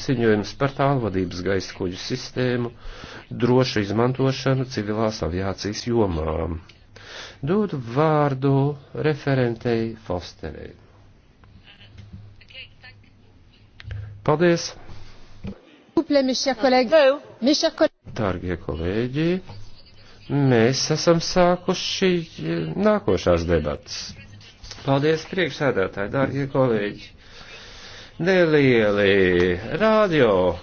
ziņojums par tālvadības gaisa kuģu sistēmu, drošu izmantošanu civilās aviācijas jomā. Dodu vārdu referentei Fosterei. Paldies! Dārgie kolēģi, mēs esam sākuši nākošās debatas. Paldies priekšsēdētāji, dārgie kolēģi! nelieli radio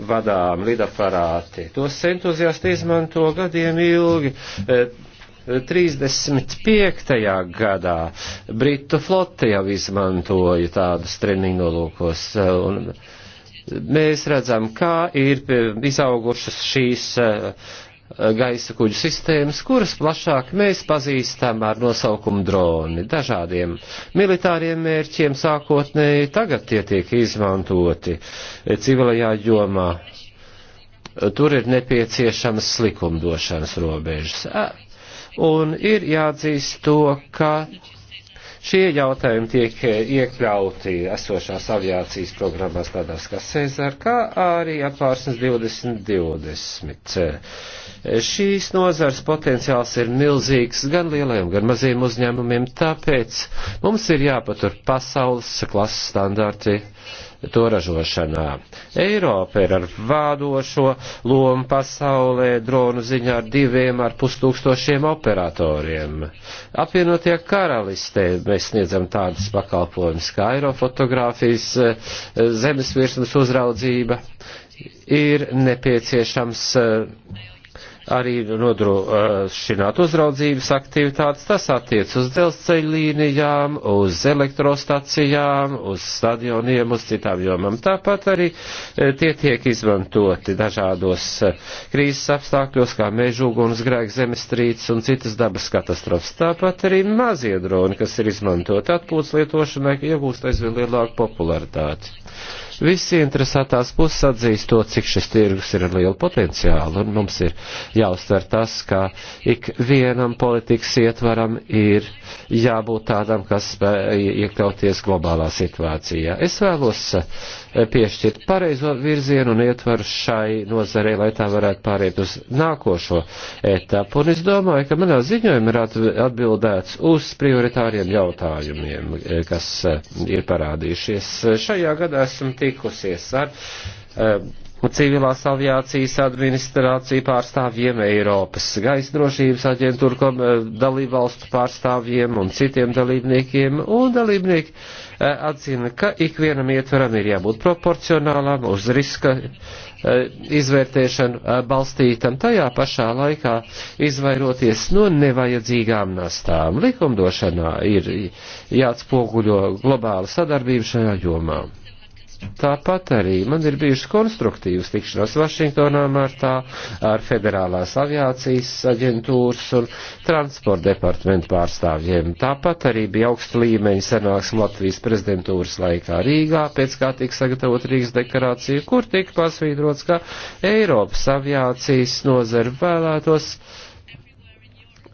vadām lidaparāti. Tos entuziasti izmanto gadiem ilgi. 35. E, gadā Britu flote jau izmantoja tādus treniņu nolūkos. E, un, mēs redzam, kā ir izaugušas šīs e, Eh, gaisa kuģu sistēmas, kuras plašāk mēs pazīstam ar nosaukumu droni, dažādiem militāriem mērķiem sākotnēji, tagad tie tiek izmantoti eh, civilajā jomā. Eh, tur ir nepieciešamas likumdošanas robežas. Un ir jāatzīst to, ka Šie jautājumi tiek eh, iekļauti esošās aviācijas programmās tādās kā Cezar, kā arī apvārsnes 2020. Eh, šīs nozars potenciāls ir milzīgs gan lielajiem, gan maziem uzņēmumiem, tāpēc mums ir jāpatur pasaules klases standarti to ražošanā. Eiropa ir ar vādošo lomu pasaulē dronu ziņā ar diviem ar pustūkstošiem operatoriem. Apvienotie karalistē mēs sniedzam tādus pakalpojumus kā aerofotografijas, eh, zemesvirsmas uzraudzība ir nepieciešams eh, arī nodrošināt uzraudzības aktivitātes. Tas attiec uz dzelzceļa līnijām, uz elektrostacijām, uz stadioniem, uz citām jomām. Tāpat arī e, tie tiek izmantoti dažādos e, krīzes apstākļos, kā mežu ugunsgrēks, zemestrīces un citas dabas katastrofas. Tāpat arī mazie droni, kas ir izmantoti atpūtas lietošanai, iegūst aizvien lielāku popularitāti. Visi interesētās puses atzīst to, cik šis tirgus ir ar lielu potenciālu, un mums ir jāuztver tas, ka ik vienam politikas ietvaram ir jābūt tādam, kas iekļauties globālā situācijā. Es vēlos uh, piešķirt pareizo virzienu un ietvaru šai nozarei, lai tā varētu pāriet uz nākošo etapu. Un es domāju, ka manā ziņojumā ir atbildēts uz prioritāriem jautājumiem, eh, kas eh, ir parādījušies. Šajā gadā esmu tikusies ar eh, un civilās aviācijas administrāciju pārstāvjiem, Eiropas gaisa drošības aģentūru eh, dalībvalstu pārstāvjiem un citiem dalībniekiem, un dalībnieki eh, atzina, ka ikvienam ietveram ir jābūt proporcionālam, uz riska eh, izvērtēšanu balstītam, tajā pašā laikā izvairoties no nevajadzīgām nastām. Likumdošanā ir jāatspoguļo globāla sadarbība šajā jomā. Tāpat arī man ir bijušas konstruktīvas tikšanās Vašingtonā martā ar federālās aviācijas aģentūras un transporta departamentu pārstāvjiem. Tāpat arī bija augsta līmeņa sanāksme Latvijas prezidentūras laikā Rīgā, pēc kā tika sagatavot Rīgas deklarācija, kur tika pasvītrots, ka Eiropas aviācijas nozara vēlētos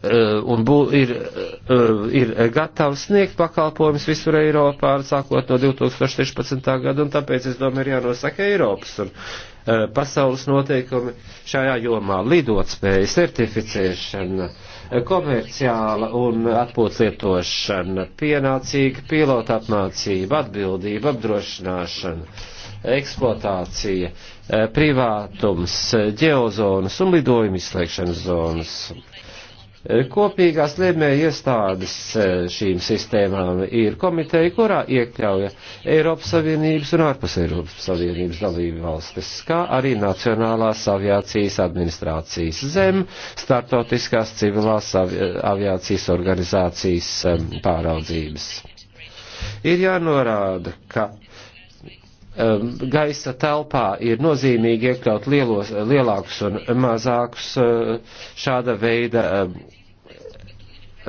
Eh, un bū, ir, eh, ir gatavs sniegt pakalpojumus visur Eiropā, sākot no 2016. gada, un tāpēc, es domāju, ir jānosaka Eiropas un eh, pasaules noteikumi šajā jomā - lidotspēja, certificēšana, komerciāla un atpūtlietošana, pienācīga pilota apmācība, atbildība, apdrošināšana eksploatācija, privātums, ģeozonas un lidojuma izslēgšanas zonas Kopīgās lēmēja iestādes e, šīm sistēmām ir komiteja, kurā iekļauja Eiropas Savienības un ārpus Eiropas Savienības dalību valstis, kā arī Nacionālās aviācijas administrācijas zem, startautiskās civilās aviācijas organizācijas e, pāraudzības. Ir jānorāda, ka Um, gaisa telpā ir nozīmīgi iekļaut lielos, lielākus un mazākus uh, šāda veida um,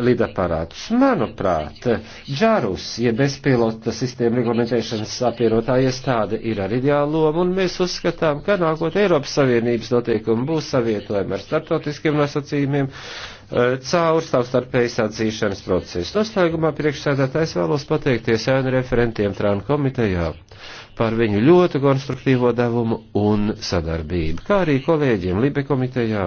lidaparātus. Manuprāt, Džarus, ja bezpilota sistēma reglamentēšanas apvienotā iestāde ir ar ideālu lomu, un mēs uzskatām, ka nākot Eiropas Savienības notiekumi būs savietojami ar startautiskiem nosacījumiem uh, caur savstarpējas atzīšanas procesu. Noslēgumā priekšsēdētājs vēlos pateikties ēnu referentiem Trānu komitejā par viņu ļoti konstruktīvo devumu un sadarbību, kā arī kolēģiem Libe komitejā.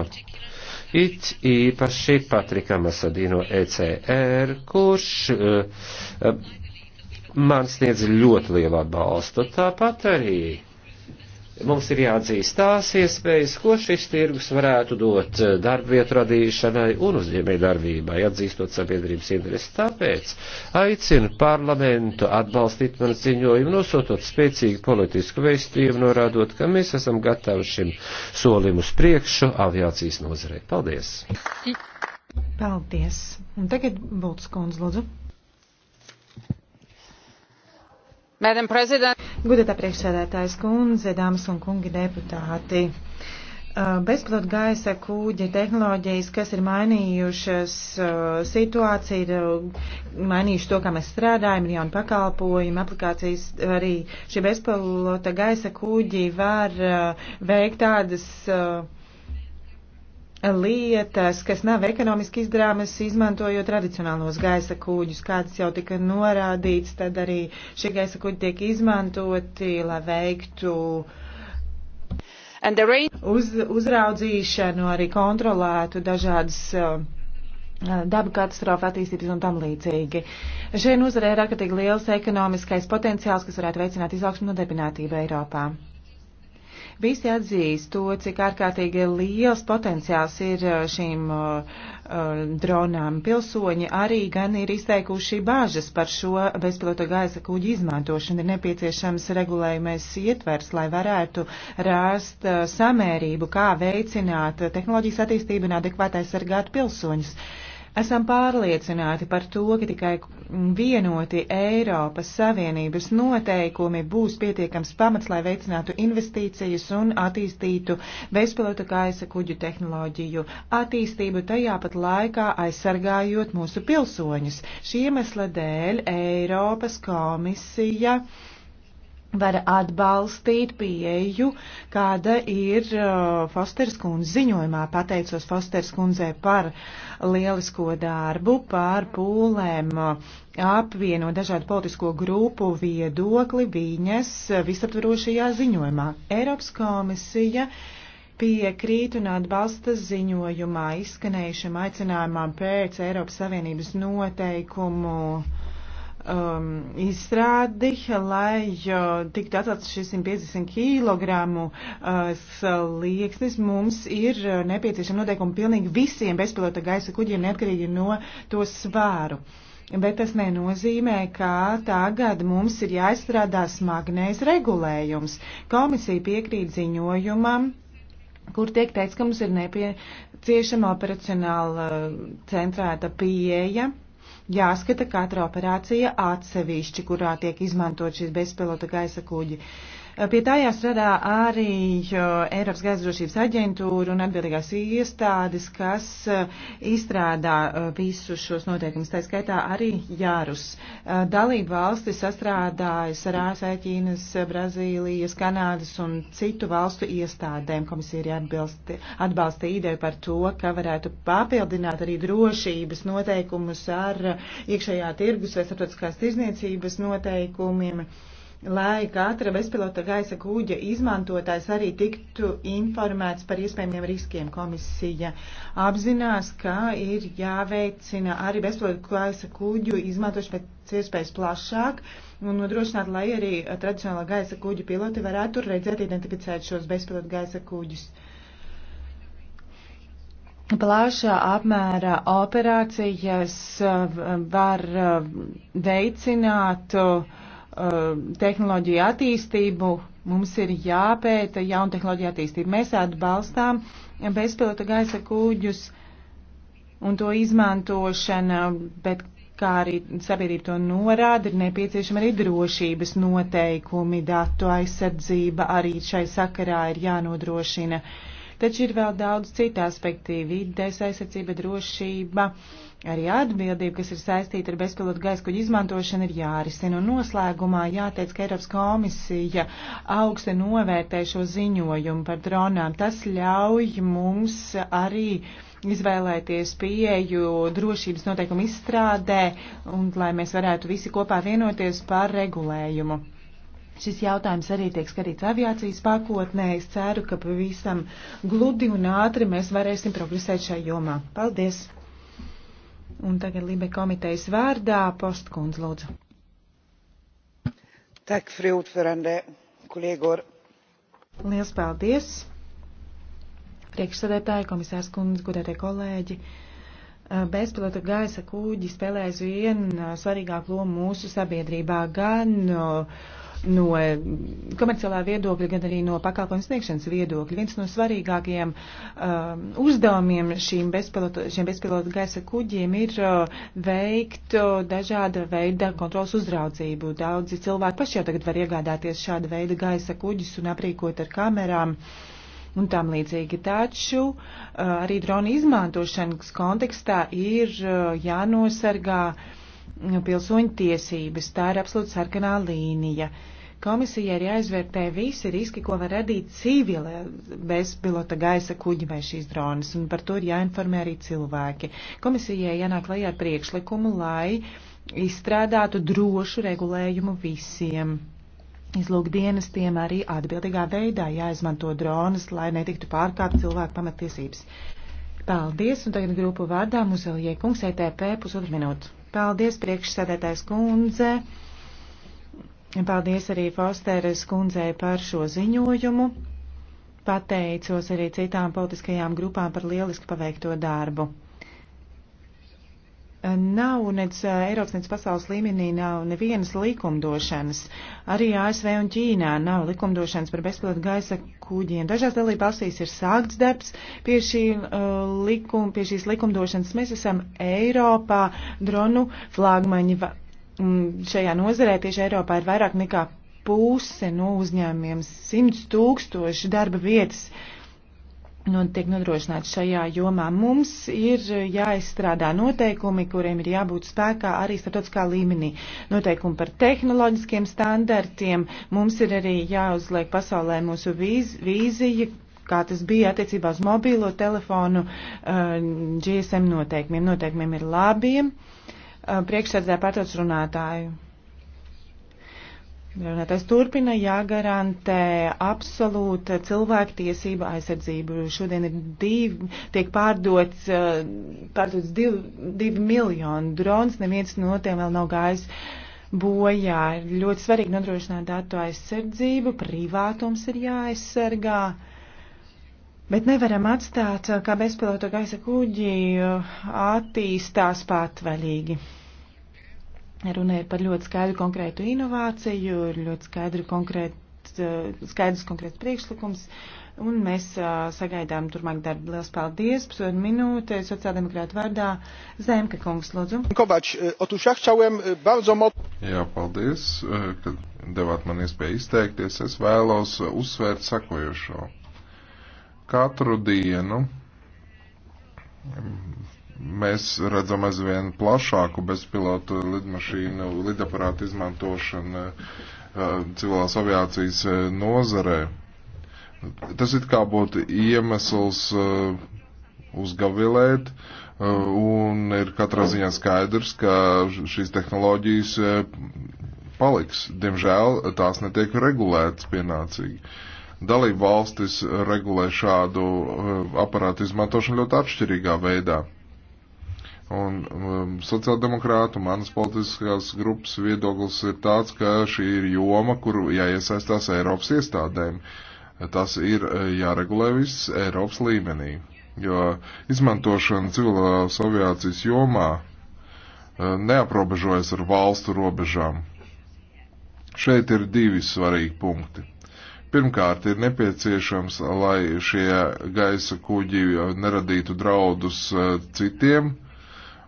It īpaši Patrikam Asadino ECR, kurš uh, uh, man sniedz ļoti lielu atbalstu. Tāpat arī Mums ir jāatzīst tās iespējas, ko šis tirgus varētu dot eh, darbvietu radīšanai un uzņēmēju darbībai, atzīstot sabiedrības interesi. Tāpēc aicinu parlamentu atbalstīt manu ziņojumu, nosūtot spēcīgu politisku veistījumu, norādot, ka mēs esam gatavi šim solim uz priekšu aviācijas nozarei. Paldies! Paldies! Un tagad Bolts Kons, lūdzu. Gudata priekšsēdētājs kundze, dāmas un kungi deputāti. Bezpilota gaisa kūģa tehnoloģijas, kas ir mainījušas situāciju, ir mainījuši to, kā mēs strādājam, ir jauni pakalpojumi, aplikācijas arī šie bezpilota gaisa kūģi var veikt tādas uh, lietas, kas nav ekonomiski izdrāmas, izmantojot tradicionālos gaisa kuģus, kāds jau tika norādīts, tad arī šie gaisa kuģi tiek izmantoti, lai veiktu uz, uzraudzīšanu, arī kontrolētu dažādas uh, uh dabu katastrofa attīstības un tam līdzīgi. Šajā nozarē ir ārkārtīgi liels ekonomiskais potenciāls, kas varētu veicināt izaugsmu nodarbinātību Eiropā. Visi atzīst to, cik ārkārtīgi liels potenciāls ir uh, šīm uh, uh, dronām. Pilsoņi arī gan ir izteikuši bāžas par šo bezpilota gaisa kuģu izmantošanu. Ir nepieciešams regulējumais ietvers, lai varētu rāst uh, samērību, kā veicināt uh, tehnoloģijas attīstību un adekvātai sargāt pilsoņus. Uh, Esam pārliecināti par to, ka tikai vienoti Eiropas Savienības noteikumi būs pietiekams pamats, lai veicinātu investīcijas un attīstītu bezpilota gaisa kuģu tehnoloģiju attīstību, tajā pat laikā aizsargājot mūsu pilsoņus. Šī iemesla dēļ Eiropas komisija. Uh, var atbalstīt pieeju, kāda ir uh, Fosters kundze ziņojumā. Pateicos Fosters kundzei par lielisko darbu, par pūlēm uh, apvieno dažādu politisko grupu viedokli viņas uh, visaptvarošajā ziņojumā. Eiropas komisija piekrīt un atbalsta ziņojumā izskanējušam aicinājumam pēc Eiropas Savienības noteikumu um, izstrādi, lai uh, tiktu atcelts šis 150 kg uh, slieksnis. Mums ir uh, nepieciešama noteikuma pilnīgi visiem bezpilota gaisa kuģiem, neatkarīgi no to svāru. Bet tas nenozīmē, ka tagad mums ir jāizstrādā smagnējs regulējums. Komisija piekrīt ziņojumam, kur tiek teikts, ka mums ir nepieciešama operacionāla uh, centrēta pieeja jāskata katra operācija atsevišķi, kurā tiek izmantot šis bezpilota gaisa kuģi. Uh, Pie tā jāstrādā arī Eiropas gaisa drošības aģentūra un atbildīgās iestādes, kas eh, izstrādā eh, visus šos noteikumus. Tā skaitā arī jārus. Eh, dalība valstis sastrādājas ar ASV, Ķīnas, Brazīlijas, Kanādas un citu valstu iestādēm. Komisija arī atbilst, atbalsta ideju par to, ka varētu papildināt arī drošības noteikumus ar iekšējā tirgus vai starptautiskās tirzniecības noteikumiem. Uh, lai katra bezpilota gaisa kuģa izmantotājs arī tiktu informēts par iespējamiem riskiem. Komisija apzinās, ka ir jāveicina arī bezpilota gaisa kuģu izmantošana pēc iespējas plašāk un nodrošināt, lai arī tradicionāla gaisa kuģu piloti varētu redzēt, identificēt šos bezpilota gaisa kuģus. Plašā apmērā operācijas var veicināt uh, Um, tehnoloģiju attīstību, mums ir jāpēta jauna tehnoloģija attīstība. Mēs atbalstām bezpilota gaisa kuģus un to izmantošana, bet kā arī sabiedrība to norāda, ir nepieciešama arī drošības noteikumi, datu aizsardzība arī šai sakarā ir jānodrošina. Uh, Taču ir vēl daudz citu aspektu - vides aizsardzība, drošība, arī atbildība, kas ir saistīta ar bezpilotu gaisa kuģu izmantošanu, ir jārisina. Un noslēgumā jāteic, ka Eiropas komisija augsti novērtē šo ziņojumu par dronām. Tas ļauj mums arī izvēlēties pieeju drošības noteikumu izstrādē un lai mēs varētu visi kopā vienoties par regulējumu. Šis jautājums arī tiek skatīts aviācijas pakotnē. Es ceru, ka pavisam gludi un ātri mēs varēsim progresēt šajā jomā. Paldies! Un tagad Libe komitejas vārdā postkundz lūdzu. Tak, frūtferande, kuliegor. Liels paldies! Priekšsēdētāji, komisārs kundz, gudētie kolēģi. Eh, bezpilota gaisa kūģi spēlēs vienu eh, svarīgāku lomu mūsu sabiedrībā gan uh, no komerciālā viedokļa, gan arī no pakalpojumu sniegšanas viedokļa. Viens no svarīgākajiem um, uzdevumiem šīm bezpilotu, šiem bezpilotu gaisa kuģiem ir uh, veikt uh, dažāda veida kontrols uzraudzību. Daudzi cilvēki paši jau tagad var iegādāties šāda veida gaisa kuģus un aprīkot ar kamerām. Uh, un tam līdzīgi. Taču uh, arī drona izmantošanas kontekstā ir uh, jānosargā uh, pilsoņu tiesības. Tā ir absolūti sarkanā līnija. Komisija arī aizvērtē visi riski, ko var radīt civila bezpilota gaisa kuģi vai šīs dronas, un par to ir jāinformē arī cilvēki. Komisijai jānāk lajā ar priekšlikumu, lai izstrādātu drošu regulējumu visiem. Izlūkdienestiem arī atbildīgā veidā jāizmanto dronas, lai netiktu pārkāpt cilvēku pamatiesības. Paldies, un tagad grupu vārdā Muzeļie kungs, ETP, pusotru minūtu. Paldies, priekšsēdētājs kundze. Paldies arī Fosteres kundzei par šo ziņojumu. Pateicos arī citām politiskajām grupām par lieliski paveikto darbu. Nav nec eh, Eiropas, nec pasaules līmenī nav nevienas likumdošanas. Arī ASV un Ķīnā nav likumdošanas par bezpilotu gaisa kuģiem. Dažās dalībvalstīs ir sākts darbs pie, šī, uh, likum, pie šīs likumdošanas. Mēs esam Eiropā dronu flagmaņi. Mm, šajā nozarē tieši Eiropā ir vairāk nekā puse no uzņēmumiem, simts tūkstoši darba vietas. Uh, un nu, tiek nodrošināts šajā jomā. Mums ir jāizstrādā noteikumi, kuriem ir jābūt spēkā arī starptautiskā līmenī. Noteikumi par tehnoloģiskiem standartiem. Mums ir arī jāuzliek pasaulē mūsu vīz, vīzija, kā tas bija attiecībā uz mobīlo telefonu uh, GSM noteikumiem. Noteikumiem ir labiem. Uh, Priekšsēdē pārtauc runātāju. Tas turpina jāgarantē absolūta cilvēktiesība aizsardzība. Šodien ir divi, tiek pārdots, eh, pārdots divi, divi miljoni drons, neviens no tiem vēl nav gājis bojā. Ir ļoti svarīgi nodrošināt datu aizsardzību, privātums ir jāaizsargā. Bet nevaram atstāt, eh, kā bezpilota gaisa kuģi eh, attīstās patvaļīgi. Runāja par ļoti skaidru konkrētu inovāciju, ļoti skaidru konkrētu, skaidrs konkrēts priekšlikums, un mēs sagaidām turmāk darbu. Lielas paldies, pusotru minūte, sociāldemokrāta vārdā Zemka kungs, lūdzu. Kovač, otuž ja chciałem bardzo mocno. Jā, paldies, ka devāt man iespēju izteikties. Es vēlos uzsvērt sakojošo. Katru dienu mēs redzam aizvien plašāku bezpilotu lidmašīnu, lidaparātu izmantošanu eh, civilās aviācijas eh, nozarē. Tas it kā būtu iemesls eh, uzgavilēt, un ir katrā ziņā skaidrs, ka šīs tehnoloģijas paliks. Diemžēl tās netiek regulētas pienācīgi. Dalība valstis regulē šādu aparātu izmantošanu ļoti atšķirīgā veidā Un um, sociāldemokrātu manas politiskās grupas viedoklis ir tāds, ka šī ir joma, kuru jāiesaistās Eiropas iestādēm. Tas ir uh, jāregulē viss Eiropas līmenī, jo izmantošana civilās aviācijas jomā uh, neaprobežojas ar valstu robežām. Šeit ir divi svarīgi punkti. Pirmkārt, ir nepieciešams, lai šie gaisa kuģi neradītu draudus uh, citiem,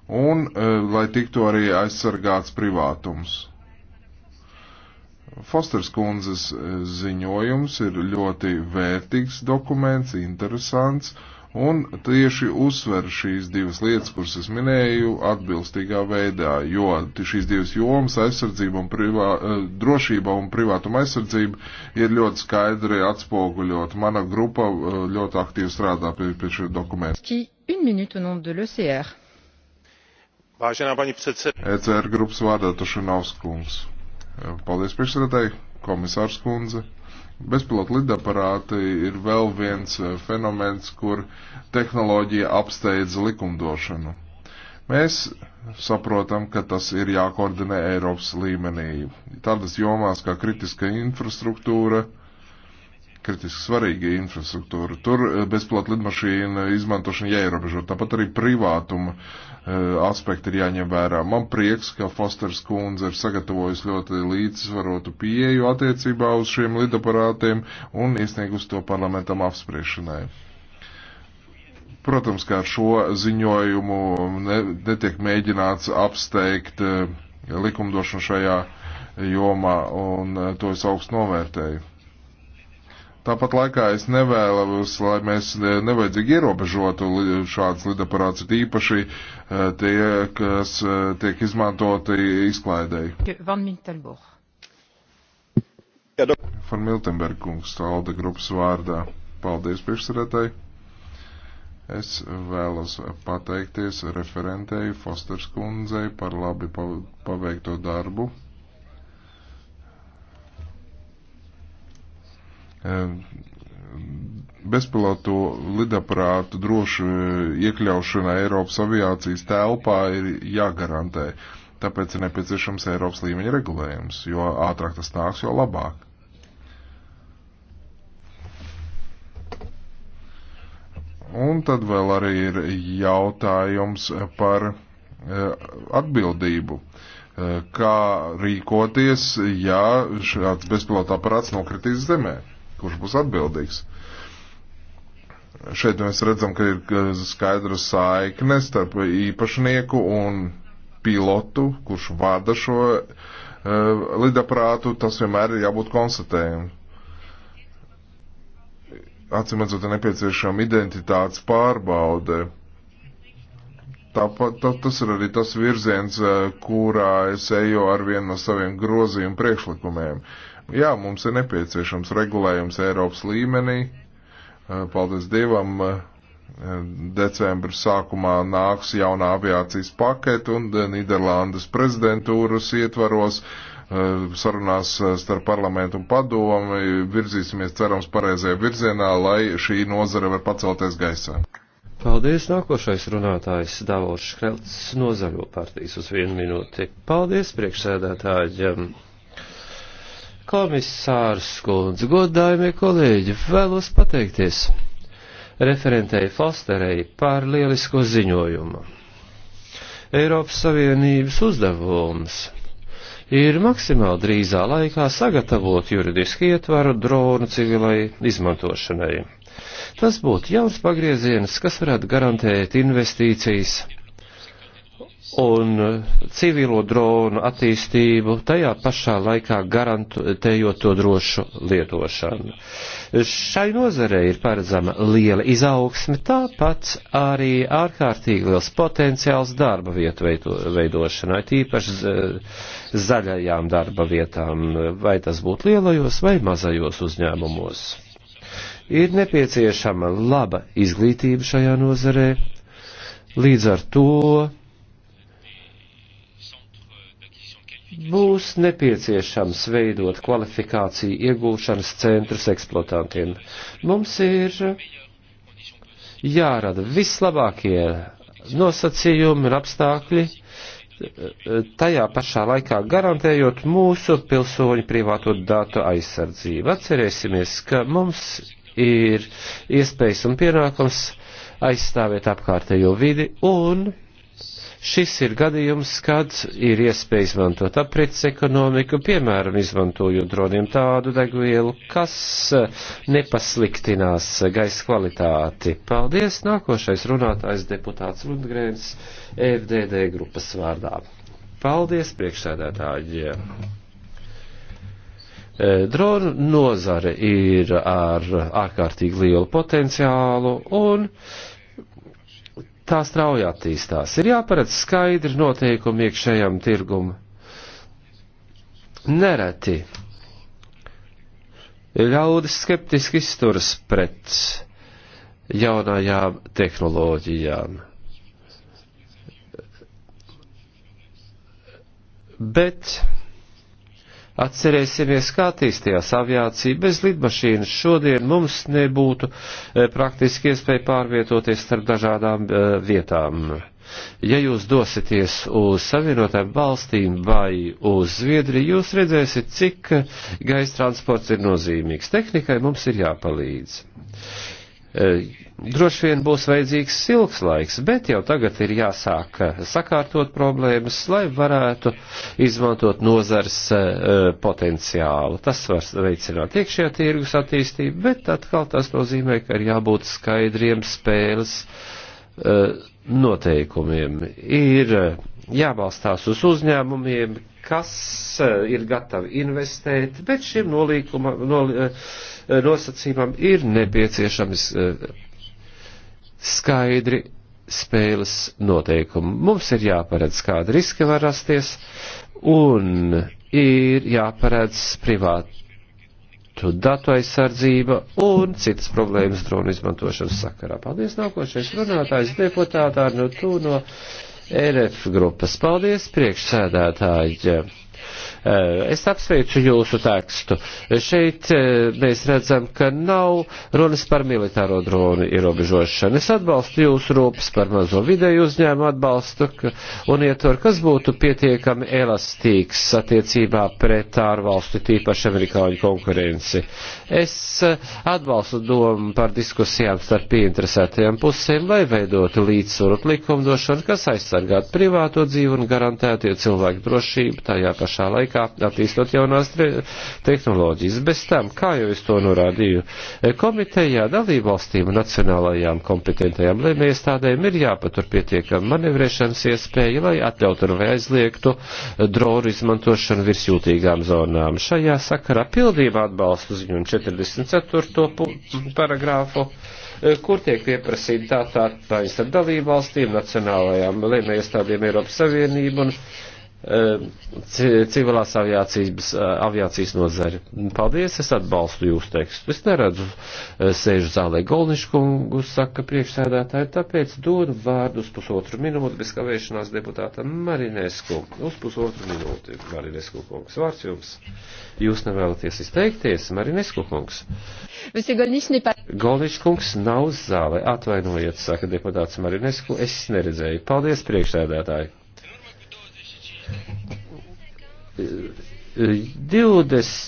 un e, lai tiktu arī aizsargāts privātums. Fosters kundzes e, ziņojums ir ļoti vērtīgs dokuments, interesants, un tieši uzsver šīs divas lietas, kuras es minēju, atbilstīgā veidā, jo šīs divas jomas, aizsardzība un privā, e, drošība un privātuma aizsardzība, ir ļoti skaidri atspoguļot. Mana grupa ļoti aktīvi strādā pie, pie šī dokumenta. Váženā paņi predsedē. ECR grupas vārdā Tušanovs kungs. E, paldies priekšsēdētāji, komisārs kundze. Bezpilota lidaparāti ir vēl viens e, fenomens, kur tehnoloģija apsteidz likumdošanu. Mēs saprotam, ka tas ir jākoordinē Eiropas līmenī. Tādas jomās kā kritiska infrastruktūra, kritiski svarīga infrastruktūra. Tur eh, bezpilota lidmašīna izmantošana jāierobežo. Tāpat arī privātuma eh, aspekti ir jāņem vērā. Man prieks, ka Fosters kundze ir sagatavojusi ļoti līdzsvarotu pieeju attiecībā uz šiem lidaparātiem un iesniegus to parlamentam apspriešanai. Protams, kā ar šo ziņojumu ne, netiek mēģināts apsteigt eh, likumdošanu šajā jomā, un to es augstu novērtēju Tāpat laikā es nevēlos, lai mēs e, nevajadzīgi ierobežotu šādas lidaparāts, īpaši e, tie, kas e, tiek izmantoti izklaidēji. Van Miltenburg. Van Miltenburg kungs, Alde grupas vārdā. Paldies priekšsarētāji. Es vēlos pateikties referentei Fosters kundzei par labi paveikto darbu bezpilotu lidaparātu drošu iekļaušana Eiropas aviācijas telpā ir jāgarantē. Tāpēc ir nepieciešams Eiropas līmeņa regulējums, jo ātrāk tas nāks, jo labāk. Un tad vēl arī ir jautājums par eh, atbildību. Eh, kā rīkoties, ja šāds bezpilota aparāts nokritīs zemē? kurš būs atbildīgs. Šeit mēs redzam, ka ir skaidra saikne starp īpašnieku un pilotu, kurš vada šo uh, lidaprātu, tas vienmēr ir jābūt konstatējumu. Atcīmredzot, ir nepieciešama identitātes pārbaude. Tāpat tā, tas ir arī tas virziens, e, kurā es eju ar vienu no saviem grozījumu priekšlikumiem. Uh, Jā, mums ir nepieciešams regulējums Eiropas līmenī. Paldies Dievam, decembra sākumā nāks jaunā aviācijas paketa un Nīderlandes prezidentūras ietvaros sarunās starp parlamentu un padomu virzīsimies cerams pareizajā virzienā, lai šī nozara var pacelties gaisā. Paldies, nākošais runātājs Davošs Krelts no Zaļo partijas uz vienu minūti. Paldies, priekšsēdētāji. Komisārs Kundze, godājumie kolēģi, vēlos pateikties referentēji Fosterei par lielisko ziņojumu. Eiropas Savienības uzdevums ir maksimāli drīzā laikā sagatavot juridisku ietvaru dronu civilai izmantošanai. Tas būtu jauns pagrieziens, kas varētu garantēt investīcijas un eh, civilo dronu attīstību, tajā pašā laikā garantējot to drošu lietošanu. Šai nozarei ir paredzama liela izaugsme, tāpat arī ārkārtīgi liels potenciāls darba vietu veidošanai, tīpaši eh, zaļajām darba vietām, vai tas būtu lielajos vai mazajos uzņēmumos. Ir nepieciešama laba izglītība šajā nozarē, līdz ar to būs nepieciešams veidot kvalifikāciju iegūšanas centrus eksploatantiem. Mums ir jārada vislabākie nosacījumi un apstākļi, tajā pašā laikā garantējot mūsu pilsoņu privāto datu aizsardzību. Atcerēsimies, ka mums ir iespējas un pienākums aizstāvēt apkārtējo vidi un Šis ir gadījums, kad ir iespēja izmantot aprits ekonomiku, piemēram, izmantojot droniem tādu degvielu, kas eh, nepasliktinās gaisa kvalitāti. Paldies! Nākošais runātājs deputāts Lundgrēns FDD grupas vārdā. Paldies, priekšsēdētāji! Eh, dronu nozare ir ar ārkārtīgi lielu potenciālu un uh, tā strauji attīstās. Ir jāparedz skaidri noteikumi iekšējam tirgum. Nereti ļaudis skeptiski izturas pret jaunajām tehnoloģijām. Bet Atcerēsimies, kā attīstījās aviācija. Bez lidmašīnas šodien mums nebūtu e, praktiski iespēja pārvietoties starp dažādām e, vietām. Ja jūs dosieties uz savienotām valstīm vai uz Zviedriju, jūs redzēsiet, cik gaisa transports ir nozīmīgs. Tehnikai mums ir jāpalīdz. E, droši vien būs vajadzīgs silks laiks, bet jau tagad ir jāsāk e, sakārtot problēmas, lai varētu izmantot nozars e, potenciālu. Tas var veicināt iekšējā tirgus attīstību, bet atkal tas nozīmē, ka ir jābūt skaidriem spēles noteikumiem. Ir jābalstās uz uzņēmumiem, kas eh, ir gatavi investēt, bet šim nolīkuma, nol, eh, nosacījumam ir nepieciešams eh, skaidri spēles noteikumi. Mums ir jāparedz, kāda riska var rasties, un ir jāparedz privātu datu aizsardzība un citas problēmas dronu izmantošanas sakarā. Paldies, nākošais runātājs, deputātā no Tūno. E RF grupas. Paldies, priekšsēdētāji! Eh, es apsveicu jūsu tekstu. Šeit eh, mēs redzam, ka nav runas par militāro dronu ierobežošanu. Es atbalstu jūsu rūpes par mazo vidēju uzņēmumu atbalstu un ietvaru, kas būtu pietiekami elastīgs attiecībā pret ārvalstu tīpaši amerikāņu konkurenci. Es eh, atbalstu domu par diskusijām starp ieinteresētajām pusēm, lai veidotu līdzsvaru likumdošanu, kas aizsargātu privāto dzīvi un garantētu cilvēku drošību tajā pašā pašā laikā attīstot jaunās tehnoloģijas. Bez tam, kā jau es to norādīju, komitejā dalībvalstīm un nacionālajām kompetentajām lēmējiestādēm ir jāpatur pietiekama manevrēšanas iespēja, lai atļautu vai aizliegtu droru izmantošanu virsjūtīgām zonām. Šajā sakarā pildībā atbalstu ziņu un 44. paragrāfu kur tiek pieprasīta tā tā tā ar dalībvalstīm, nacionālajām lēmējiestādēm Eiropas Savienību un civilās aviācijas, aviācijas nozari. Paldies, es atbalstu jūsu tekstu. Es neredzu eh, sēžu zālē Golniškungu, saka priekšsēdētāji, tāpēc dodu vārdu uz pusotru minūti bez kavēšanās deputātam Marinesku. Uz pusotru minūti, Marinesku kungs, vārds jums. Jūs nevēlaties izteikties, Marinesku kungs. Golniškungs nav zālē, atvainojiet, saka deputāts Marinesku, es neredzēju. Paldies, priekšsēdētāji. 20,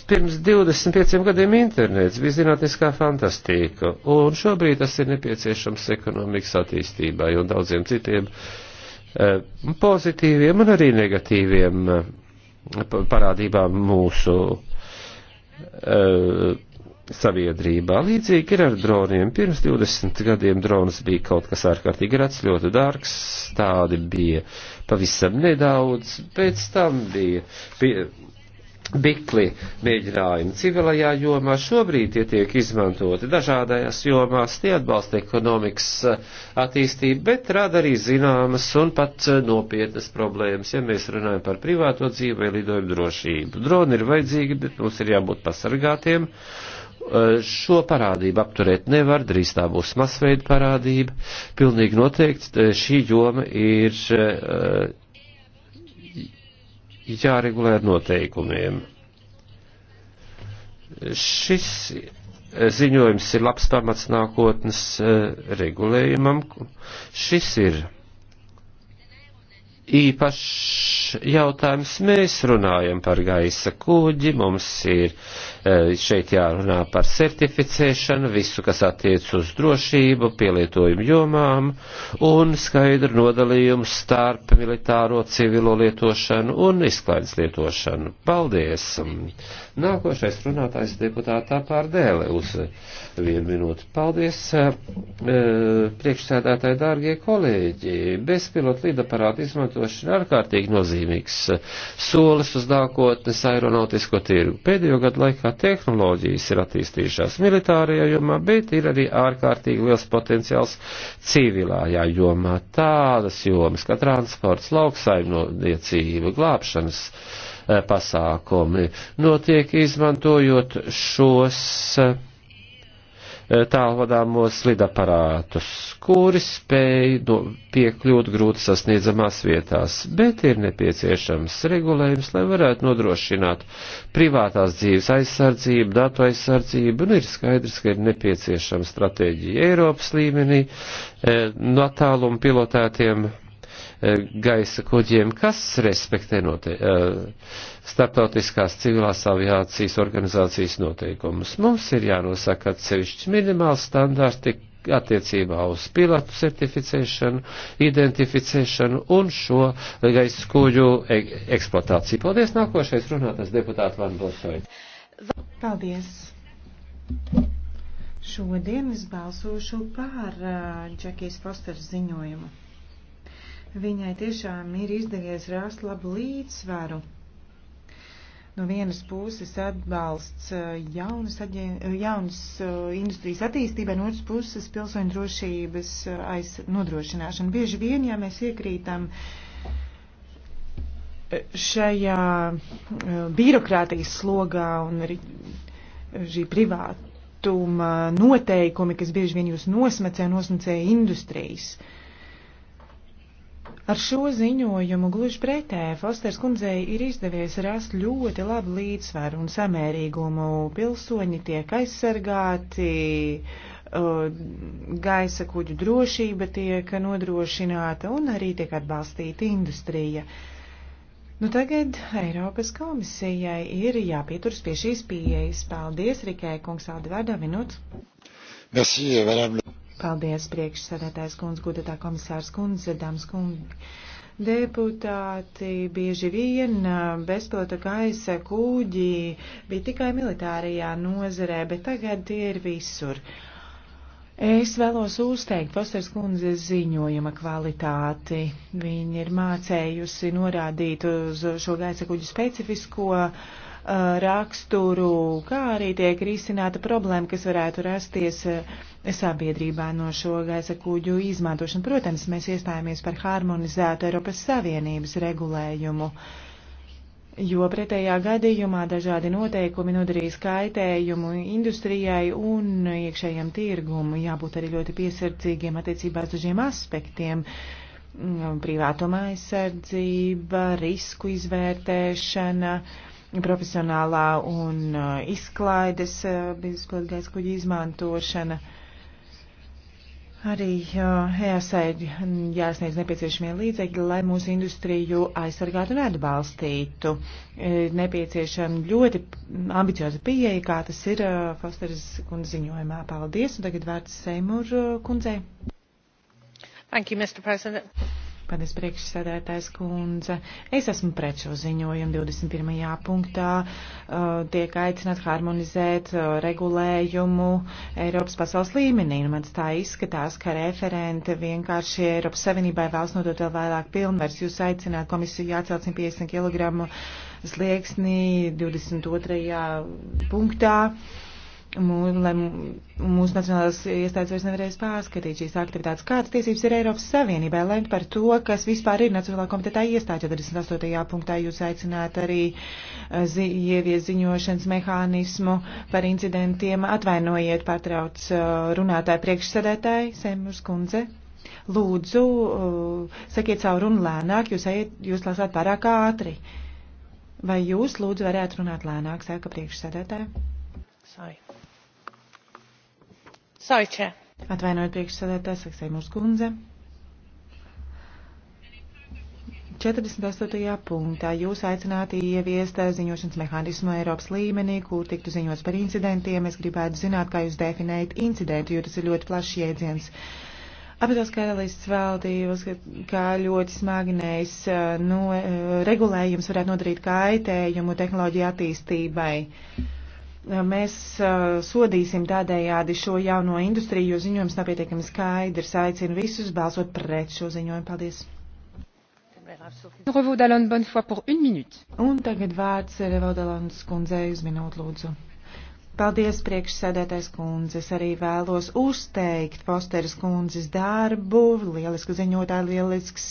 pirms 25 gadiem internets bija zinātniskā fantastika, un šobrīd tas ir nepieciešams ekonomikas attīstībai un daudziem citiem e, pozitīviem un arī negatīviem e, parādībām mūsu e, sabiedrībā. Līdzīgi ir ar droniem. Pirms 20 gadiem drons bija kaut kas ārkārtīgi rats, ļoti dārgs, tādi bija pavisam nedaudz, pēc tam bija pie, bikli mēģinājumi civilajā jomā, šobrīd tie tiek izmantoti dažādajās jomās, tie atbalsta ekonomikas eh, attīstību, bet rada arī zināmas un pat eh, nopietnas problēmas, ja mēs runājam par privāto dzīvi vai lidojumu drošību. Droni ir vajadzīgi, bet mums ir jābūt pasargātiem. Uh, Eh, šo parādību apturēt nevar, drīz tā būs masveida parādība. Pilnīgi noteikti eh, šī joma ir eh, jāregulē ar noteikumiem. Šis ziņojums ir labs pamats nākotnes regulējumam. Šis ir īpašs jautājums. Mēs runājam par gaisa kuģi, mums ir uh, Eh, šeit jārunā par certificēšanu, visu, kas attiec uz drošību, pielietojumu jomām un skaidru nodalījumu starp militāro civilo lietošanu un izklaides lietošanu. Paldies! Nākošais runātājs deputātā pārdēle uz vienu minūti. Paldies, eh, priekšsēdētāji, dārgie kolēģi! Bezpilota lidaparāta izmantošana ārkārtīgi nozīmīgs solis uz nākotnes aeronautisko tirgu. Pēdējo gadu laikā ka tehnoloģijas ir attīstījušās militārajā jomā, bet ir arī ārkārtīgi liels potenciāls civilājā jomā. Tādas jomas kā transports, lauksaimniecība, glābšanas eh, pasākumi notiek izmantojot šos eh, Eh, tālvadāmos lidaparātus, kuri spēj do, piekļūt grūti sasniedzamās vietās, bet ir nepieciešams regulējums, lai varētu nodrošināt privātās dzīves aizsardzību, datu aizsardzību, un nu, ir skaidrs, ka ir nepieciešama stratēģija Eiropas līmenī, eh, no tālumu pilotētiem gaisa kuģiem, kas respektē note, eh, starptautiskās civilās aviācijas organizācijas noteikumus. Mums ir jānosaka atsevišķi minimāli standarti attiecībā uz pilotu certificēšanu, identificēšanu un šo gaisa kuģu e-, eksploatāciju. Paldies, nākošais runātājs deputāts Van Bosoja. Paldies. Šodien es balsošu pār uh, eh, Džekijas Fosters ziņojumu. Viņai tiešām ir izdevies rast labu līdzsvaru. No vienas puses atbalsts uh, jaunas, aģen, uh, jaunas uh, industrijas attīstībai, no otras puses pilsoņu drošības aiz nodrošināšana. Bieži vien, ja mēs iekrītam šajā birokrātijas slogā un arī šī privātuma noteikumi, kas bieži vien jūs nosmacē, nosmacē industrijas. Uh, Ar šo ziņojumu gluži pretēji Fosters kundzei ir izdevies rast ļoti labu līdzsvaru un samērīgumu. Pilsoņi tiek aizsargāti, gaisa kuģu drošība tiek nodrošināta un arī tiek atbalstīta industrija. Nu tagad Eiropas komisijai ir jāpieturas pie šīs pieejas. Paldies, Rikē, kungs, Aldi Vārdā, minūtes. Merci, madame. Paldies, priekšsēdētājs kundze, gudatā komisārs kundze, dāmas kungi. Deputāti bieži vien bezpilota gaisa kūģi bija tikai militārajā nozarē, bet tagad tie ir visur. Es vēlos uzteikt Fosters kundzes ziņojuma kvalitāti. Viņa ir mācējusi norādīt uz šo gaisa kuģu specifisko uh, raksturu, kā arī tiek risināta problēma, kas varētu rasties. Uh, sabiedrībā no šo gaisa kuģu izmantošanu. Protams, mēs iestājāmies par harmonizētu Eiropas Savienības regulējumu, jo pretējā gadījumā dažādi noteikumi nodarīs kaitējumu industrijai un iekšējiem tirgumu. Jābūt arī ļoti piesardzīgiem attiecībās dažiem aspektiem mm, privātuma aizsardzība, risku izvērtēšana, profesionālā un uh, izklaides uh, bezpilotgaisa kuģa izmantošana. Uh, Arī ESA ir jāsniedz nepieciešamie līdzekļi, lai mūsu industriju aizsargātu un atbalstītu. Ir e, nepieciešama ļoti ambicioza pieeja, kā tas ir e, Fosteras kundze ziņojumā. Paldies, un tagad vērts Seimur e, kundzei. Thank you, Mr. President. Paldies, priekšsēdētājs kundze. Es esmu pret šo ziņojumu 21. punktā. Uh, tiek aicināt harmonizēt uh, regulējumu Eiropas pasaules līmenī. Nu, man tā izskatās, ka referente vienkārši Eiropas Savienībai vēlas nodot vēl vairāk pilnvers. Jūs aicināt komisiju jācelt 150 kg slieksnī 22. punktā. Uh, mūs, lai mūsu nacionālās iestādes vairs nevarēs pārskatīt šīs aktivitātes. Kādas tiesības ir Eiropas Savienībai lemt par to, kas vispār ir Nacionālā komitetā iestāde? 48. punktā jūs aicināt arī eh, zi ievies ziņošanas mehānismu par incidentiem. Atvainojiet, pārtrauc eh, runātāja priekšsēdētāja Semurs Kundze. Lūdzu, eh, sakiet savu runu lēnāk, jūs, ejat, jūs lasāt pārāk ātri. Vai jūs, lūdzu, varētu runāt lēnāk, saka priekšsēdētāja? Sorry. Sorry, Atvainojiet priekšsēdētājs, saksēja mūsu kundze. 48. punktā jūs aicinātu ieviest ziņošanas mehānismu Eiropas līmenī, kur tiktu ziņots par incidentiem. Es gribētu zināt, kā jūs definējat incidentu, jo tas ir ļoti plašs jēdziens. Apetās karalists valdības, kā ļoti smagnējs uh, no, uh, regulējums varētu nodarīt kaitējumu tehnoloģiju attīstībai. Uh, Mēs uh, sodīsim tādējādi šo jauno industriju, jo ziņojums nav pietiekami skaidrs. Aicinu visus balsot pret šo ziņojumu. Paldies! Un tagad vārds Revaudalons kundzei uz minūtu lūdzu. Paldies, priekšsēdētais kundzes. Arī vēlos uzteikt Fosteras kundzes darbu. Lieliski ziņotāji, lielisks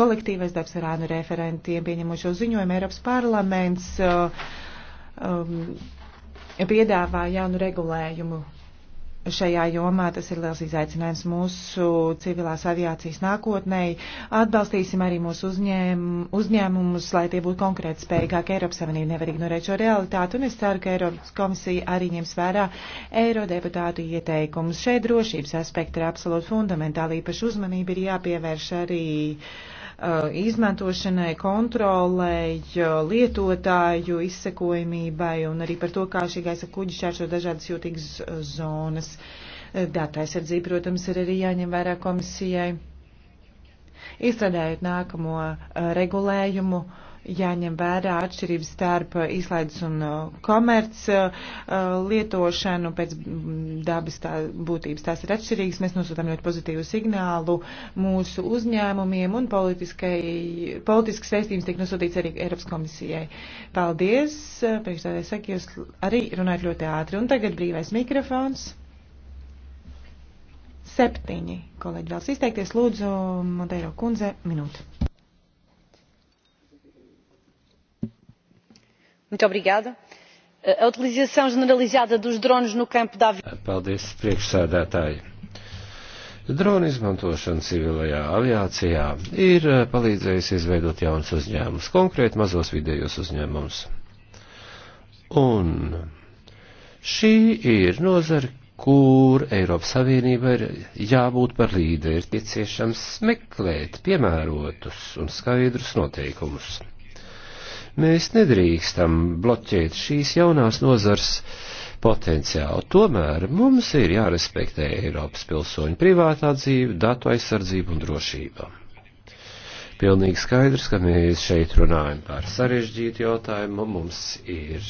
kolektīvais darbs ar ānu referentiem pieņemošo ziņojumu Eiropas parlaments. Um, piedāvā jaunu regulējumu šajā jomā. Tas ir liels izaicinājums mūsu civilās aviācijas nākotnēji. Atbalstīsim arī mūsu uzņēm, uzņēmumus, lai tie būtu konkrēti spējīgāki. Eiropas Savienība nevar ignorēt šo realitāti, un es ceru, ka Eiropas komisija arī ņems vērā eirodeputātu ieteikumus. Šeit drošības aspekti ir absolūti fundamentāli, īpaši uzmanība ir jāpievērš arī uh, Uh, izmantošanai, kontrolei, uh, lietotāju izsekojumībai un arī par to, kā šī gaisa kuģi šķēršo dažādas jūtīgas zonas. Uh, Data aizsardzība, protams, ir arī jāņem vērā komisijai. Izstrādājot nākamo regulējumu, uh, jāņem vērā atšķirības starp izlaides un uh, komerc uh, uh, lietošanu pēc dabas tā, būtības. Tās ir atšķirīgas. Mēs nosūtām ļoti pozitīvu signālu mūsu uzņēmumiem un politisks veistījums tiek nosūtīts arī Eiropas komisijai. Paldies! Priekšstādē saka, jūs arī runājat ļoti ātri. Un tagad brīvais mikrofons. Septiņi kolēģi vēlas izteikties. Lūdzu, Modeiro kundze, minūte. Muito obrigada. A utilização generalizada dos drones no campo da aviação. Paldies, priekšsēdētāji. Drona izmantošana civilajā aviācijā ir eh, palīdzējusi izveidot jaunus uzņēmumus, konkrēti mazos vidējos uzņēmumus. Un šī ir nozara, kur Eiropas Savienība ir jābūt par līderi, ir nepieciešams meklēt piemērotus un skaidrus noteikumus. Mēs nedrīkstam bloķēt šīs jaunās nozars potenciālu. Tomēr mums ir jārespektē Eiropas pilsoņu privātā dzīve, datu aizsardzība un drošība. Pilnīgi skaidrs, ka mēs šeit runājam par sarežģītu jautājumu, mums ir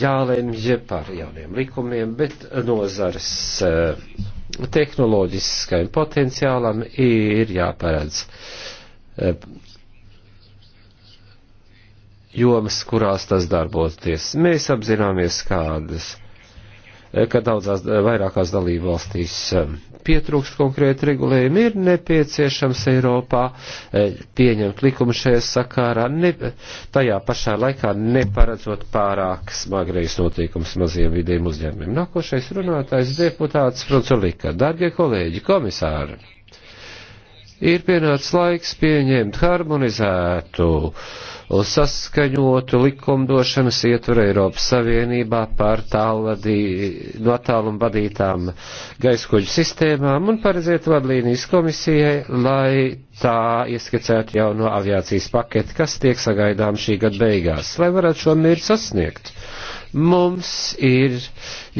jālemj par jauniem likumiem, bet nozars eh, tehnoloģiskajam potenciālam ir jāparedz eh, jomas, kurās tas darboties. Mēs apzināmies, kādas, eh, ka daudzās eh, vairākās dalību valstīs eh, pietrūkst konkrēti regulējumi, ir nepieciešams Eiropā pieņemt likumu šajā sakārā, ne, tajā pašā laikā neparedzot pārāk smagrējus notiekumus maziem vidiem uzņēmumiem. Nākošais runātājs deputāts Franculika. Dargie kolēģi, komisāri! Ir pienācis laiks pieņemt harmonizētu uh, saskaņotu likumdošanas ietvaru Eiropas Savienībā par tālvadī, no tālumu vadītām gaiskoģu sistēmām un paredzētu vadlīnijas komisijai, lai tā ieskicētu jauno aviācijas paketi, kas tiek sagaidām šī gada beigās, lai varētu šo mērķi sasniegt. Mums ir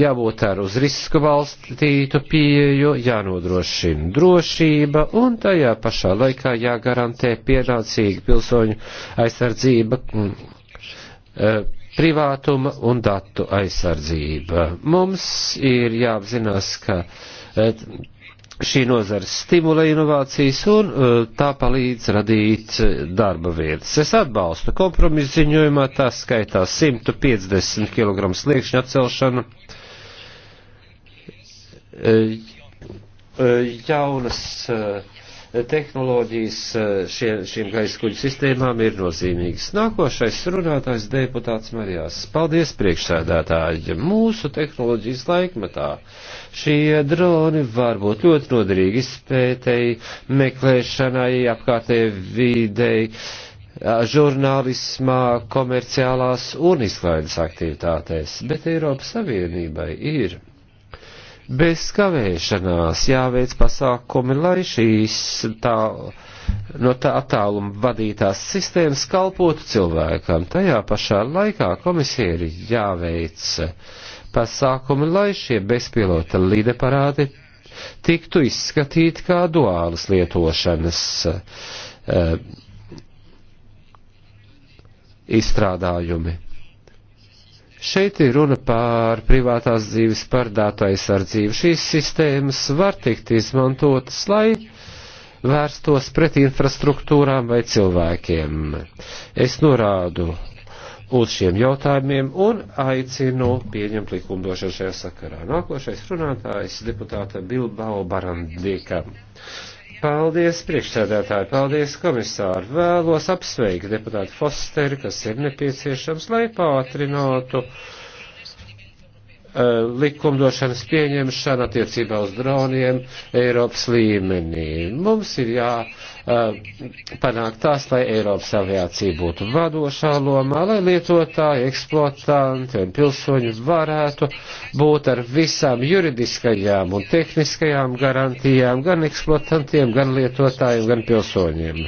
jābūt ar uz risku valstītu pieju, jānodrošina drošība un tajā pašā laikā jāgarantē pienācīga pilsoņu aizsardzība mm, eh, privātuma un datu aizsardzība. Mums ir jāapzinās, ka eh, šī nozara stimulē inovācijas un eh, tā palīdz radīt eh, darba vietas. Es atbalstu kompromisu ziņojumā, tā skaitā 150 kg sliekšņa atcelšanu, eh, jaunas tehnoloģijas eh, šie, šīm gaiskuļu sistēmām ir nozīmīgas. Nākošais runātājs deputāts Marijās. Paldies, priekšsēdētāji! Mūsu tehnoloģijas laikmetā šie droni var būt ļoti noderīgi izpētēji, meklēšanai, apkārtēji videi žurnālismā, komerciālās un izklaides aktivitātēs, bet Eiropas Savienībai ir bez kavēšanās jāveic pasākumi, lai šīs tā, no tā attāluma vadītās sistēmas kalpotu cilvēkam. Tajā pašā laikā komisija ir jāveic pasākumi, lai šie bezpilota lideparādi tiktu izskatīti kā duālas lietošanas uh, izstrādājumi Šeit ir runa par privātās dzīves, par datu aizsardzību. Šīs sistēmas var tikt izmantotas, lai vērstos pret infrastruktūrām vai cilvēkiem. Es norādu uz šiem jautājumiem un aicinu pieņemt likumdošanu šajā sakarā. Nākošais runātājs deputāta Bilbao Barandika. Paldies, priekšsēdētāji, paldies, komisāri. Vēlos apsveikt deputātu Fosteri, kas ir nepieciešams, lai pātrinātu eh, likumdošanas pieņemšana attiecībā uz droniem Eiropas līmenī. Mums ir jā Uh, panākt tās, lai Eiropas aviācija būtu vadošā lomā, lai lietotāji, eksploatanti un pilsoņi varētu būt ar visām juridiskajām un tehniskajām garantijām gan eksploatantiem, gan lietotājiem, gan pilsoņiem.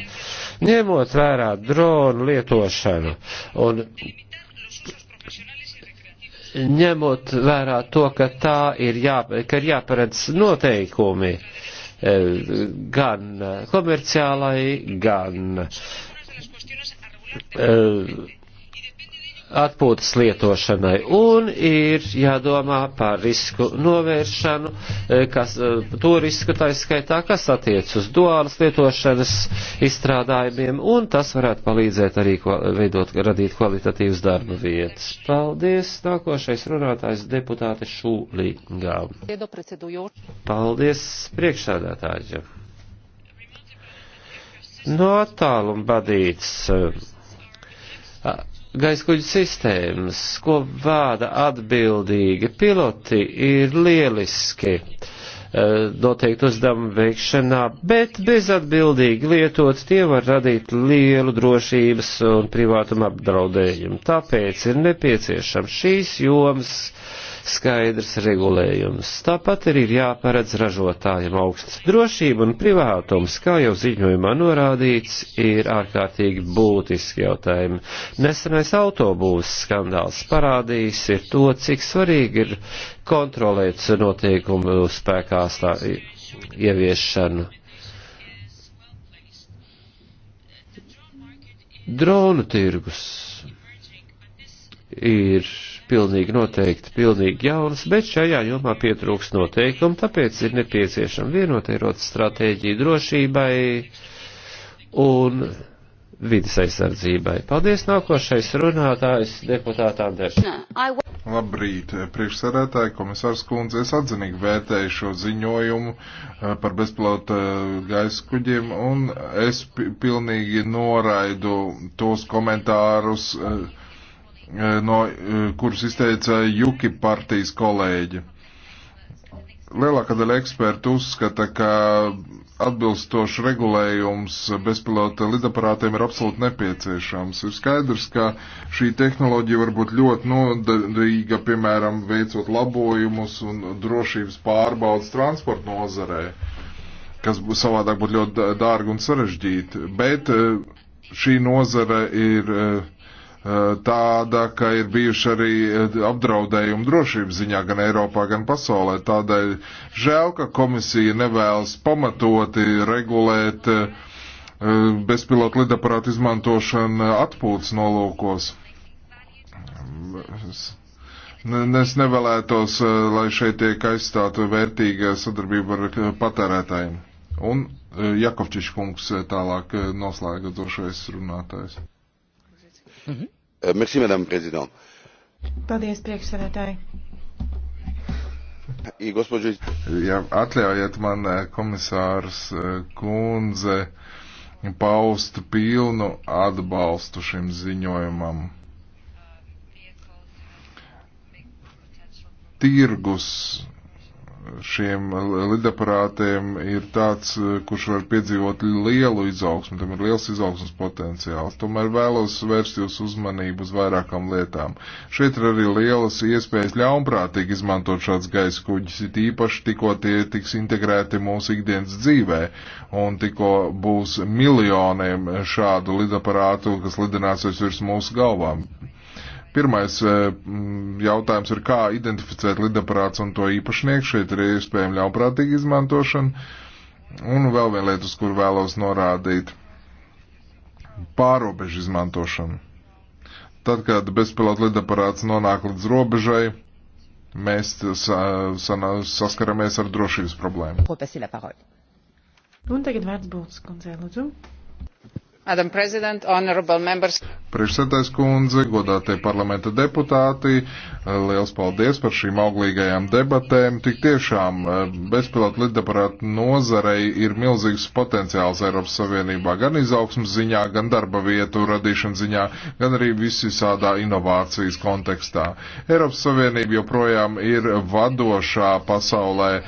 Ņemot vērā dronu lietošanu un ņemot vērā to, ka tā ir, jā, ka ir jāparedz noteikumi, uh, gan eh, komerciālai, gan eh, atpūtas lietošanai un ir jādomā par risku novēršanu, e, kas, e, to risku tā skaitā, kas attiec uz duālas lietošanas izstrādājumiem, un tas varētu palīdzēt arī veidot, radīt kvalitatīvas darba vietas. Paldies, nākošais runātājs deputāte Šūlīgā. Paldies, priekšsādātāģi. No attāluma badīts. Uh, e, gaiskuģu sistēmas, ko vāda atbildīgi piloti, ir lieliski eh, noteikti uzdevumu veikšanā, bet bezatbildīgi lietot tie var radīt lielu drošības un privātuma apdraudējumu. Tāpēc ir nepieciešams šīs jomas uh, skaidrs regulējums. Tāpat arī ir jāparedz ražotājiem augsts drošība un privātums, kā jau ziņojumā norādīts, ir ārkārtīgi būtiski jautājumi. Nesenais autobūvas skandāls parādījis ir to, cik svarīgi ir kontrolēt noteikumu spēkā stā, ieviešanu. Dronu tirgus ir pilnīgi noteikti pilnīgi jaunas, bet šajā jomā pietrūks noteikumi, tāpēc ir nepieciešama vienota Eiropas stratēģija drošībai un vidas aizsardzībai. Paldies nākošais runātājs deputātā Andersa. Labrīt, priekšsarētāji, komisārs kundze, es atzinīgi vērtēju šo ziņojumu eh, par bezpilota eh, gaisa kuģiem un es pilnīgi noraidu tos komentārus, uh, Eh, no, eh, kurus izteica Juki partijas kolēģi. Lielākā daļa ekspertu uzskata, ka atbilstošs regulējums bezpilota lidaparātiem ir absolūti nepieciešams. Ir skaidrs, ka šī tehnoloģija var būt ļoti noderīga, piemēram, veicot labojumus un drošības pārbaudas transporta nozarē, kas savādāk būtu ļoti dārgi un sarežģīti. Bet eh, šī nozara ir Eh, tāda, ka ir bijuši arī eh, apdraudējumi drošības ziņā gan Eiropā, gan pasaulē. Tādēļ žēl, ka komisija nevēlas pamatoti regulēt eh, bezpilotu lidaparātu izmantošanu atpūtas nolūkos. Es nevēlētos, lai šeit tiek aizstāta vērtīga sadarbība ar patērētājiem. Un Jakovčiš kungs tālāk noslēgadzošais runātājs. Mhm. Euh, merci, madam prezident. Paldies, priekšsēdētāji. Ja atļaujiet man, eh, komisārs eh, Kunze, paust pilnu atbalstu šim ziņojumam. Tirgus šiem lidaparātiem ir tāds, eh, kurš var piedzīvot lielu izaugsmu, tam ir liels izaugsmas potenciāls. Tomēr vēlos vērst jūs uzmanību uz vairākām lietām. Šeit ir arī lielas iespējas ļaunprātīgi izmantot šāds gaisa kuģis, it īpaši tikko tie tiks integrēti mūsu ikdienas dzīvē, un tikko būs miljoniem šādu lidaparātu, kas lidināsies virs mūsu galvām. Pirmais eh, jautājums ir, kā identificēt lidaparāts un to īpašnieku. Šeit ir iespējama ļaunprātīga izmantošana. Un vēl viena lieta, uz kuru vēlos norādīt - pārobežu izmantošana. Tad, kad bezpilota lidaparāts nonāk līdz robežai, mēs eh, saskaramies ar drošības problēmu. Un tagad vērts būs, kundzei, lūdzu. Priekšsēdētājs kundze, godātie parlamenta deputāti, liels paldies par šīm auglīgajām debatēm. Tik tiešām eh, bezpilotu lidaparātu nozarei ir milzīgs potenciāls Eiropas Savienībā gan izaugsmas ziņā, gan darba vietu radīšanas ziņā, gan arī visvisādā inovācijas kontekstā. Eiropas Savienība joprojām ir vadošā pasaulē eh, eh,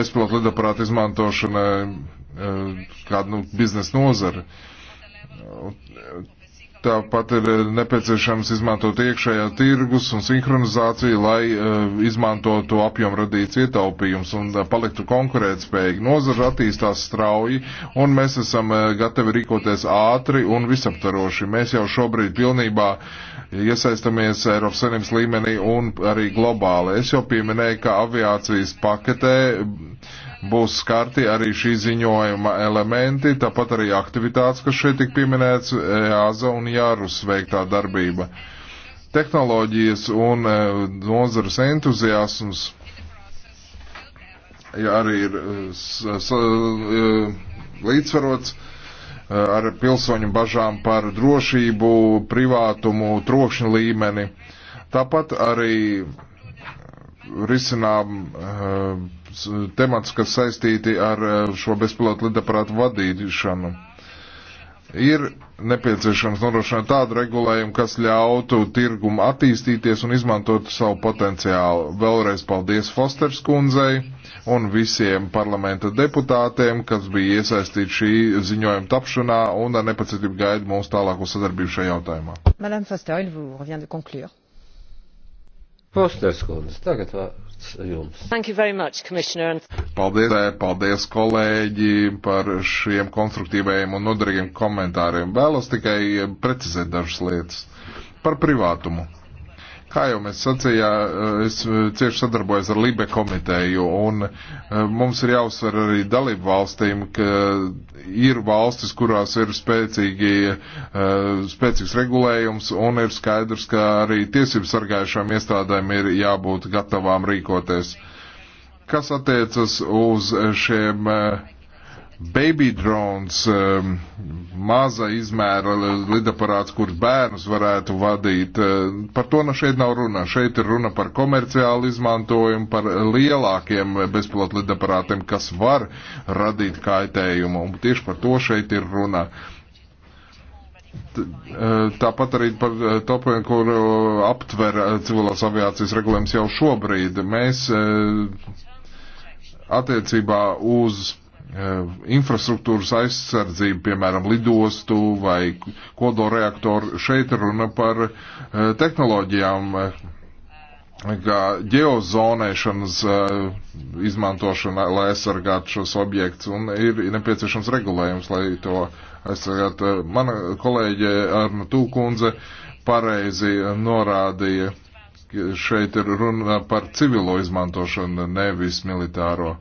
bezpilotu lidaparātu izmantošana Eh, kādu nu, biznesa nozari. Tāpat ir eh, nepieciešams izmantot iekšējā tirgus un sinhronizāciju, lai uh, izmantotu apjomu radīts ietaupījums un uh, paliktu konkurētspējīgi. Nozara attīstās strauji un mēs esam uh, gatavi rīkoties ātri un visaptaroši. Mēs jau šobrīd pilnībā iesaistamies Eiropas Savienības līmenī un arī globāli. Es jau pieminēju, ka aviācijas paketē. Uh, būs skarti arī šī ziņojuma elementi, tāpat arī aktivitātes, kas šeit tik pieminēts, EASA un Jārus veiktā darbība. Tehnoloģijas un e, nozares entuziasms ja arī ir e, e, līdzsvarots ar pilsoņu bažām par drošību, privātumu, trokšņu līmeni. Tāpat arī risinām uh, temats, kas saistīti ar e, šo bezpilotu lidaparātu vadīšanu. Ir nepieciešams norošināt tādu regulējumu, kas ļautu tirgumu attīstīties un izmantot savu potenciālu. Vēlreiz paldies Fosters kundzei un visiem parlamenta deputātiem, kas bija iesaistīti šī ziņojuma tapšanā un ar nepacietību gaida mūsu tālāko sadarbību šajā jautājumā. Madame Foster, il vous revient de conclure. Fosters kundze, tagad vārds vārds jums. Much, paldies, eh, paldies kolēģi par šiem konstruktīvajiem un noderīgiem komentāriem. Vēlos tikai precizēt dažas lietas par privātumu. Kā jau mēs sacījām, eh, es eh, cieši sadarbojos ar Libe komiteju, un eh, mums ir jāuzsver arī dalību valstīm, ka ir valstis, kurās ir spēcīgi, spēcīgs regulējums, un ir skaidrs, ka arī tiesību sargājušām iestādēm ir jābūt gatavām rīkoties. Kas attiecas uz šiem uh, baby drones, um, maza izmēra lidaparāts, kurš bērnus varētu vadīt. Uh, par to nu šeit nav runa. Šeit ir runa par komerciālu izmantojumu, par lielākiem bezpilotu lidaparātiem, kas var radīt kaitējumu. Un tieši par to šeit ir runa. Uh, tāpat arī par uh, topiem, kur aptver civilās aviācijas regulējums jau šobrīd. Mēs attiecībā uz Eh, infrastruktūras aizsardzību, piemēram, lidostu vai kodolreaktoru. Šeit runa par eh, tehnoloģijām, eh, kā geozonēšanas izmantošana, lai aizsargātu šos objektus, un ir nepieciešams regulējums, lai to aizsargātu. Mana kolēģe Arna Tūkundze pareizi norādīja, šeit ir runa par civilo izmantošanu, nevis militāro.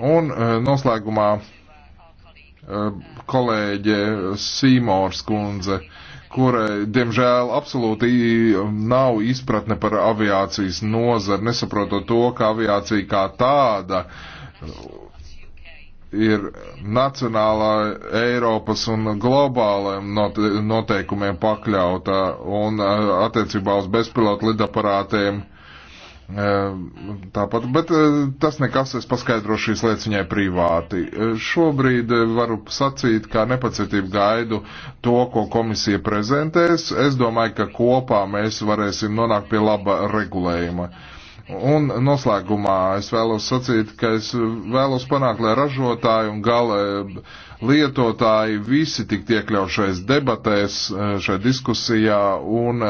Un e, noslēgumā e, kolēģe Sīmors kundze, kurai, diemžēl, absolūti nav izpratne par aviācijas nozaru, nesaprotot to, ka aviācija kā tāda ir nacionālā Eiropas un globālajiem noteikumiem pakļauta un e, attiecībā uz bezpilotu lidaparātiem uh, Ehm, tāpat, bet eh, tas nekas, es paskaidrošu šīs lietas viņai privāti. Eh, šobrīd eh, varu sacīt, kā nepacietību gaidu to, ko komisija prezentēs. Es domāju, ka kopā mēs varēsim nonākt pie laba regulējuma. Un noslēgumā es vēlos sacīt, ka es vēlos panākt, lai ražotāji un gala lietotāji visi tik iekļaušais debatēs, šai diskusijā un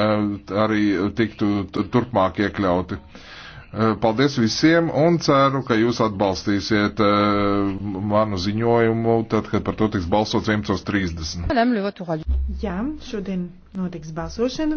arī tiktu turpmāk iekļauti. Eh, paldies visiem un ceru, ka jūs atbalstīsiet eh, manu ziņojumu, tad, kad par to tiks balsots 11.30. Jā, šodien notiks balsošana.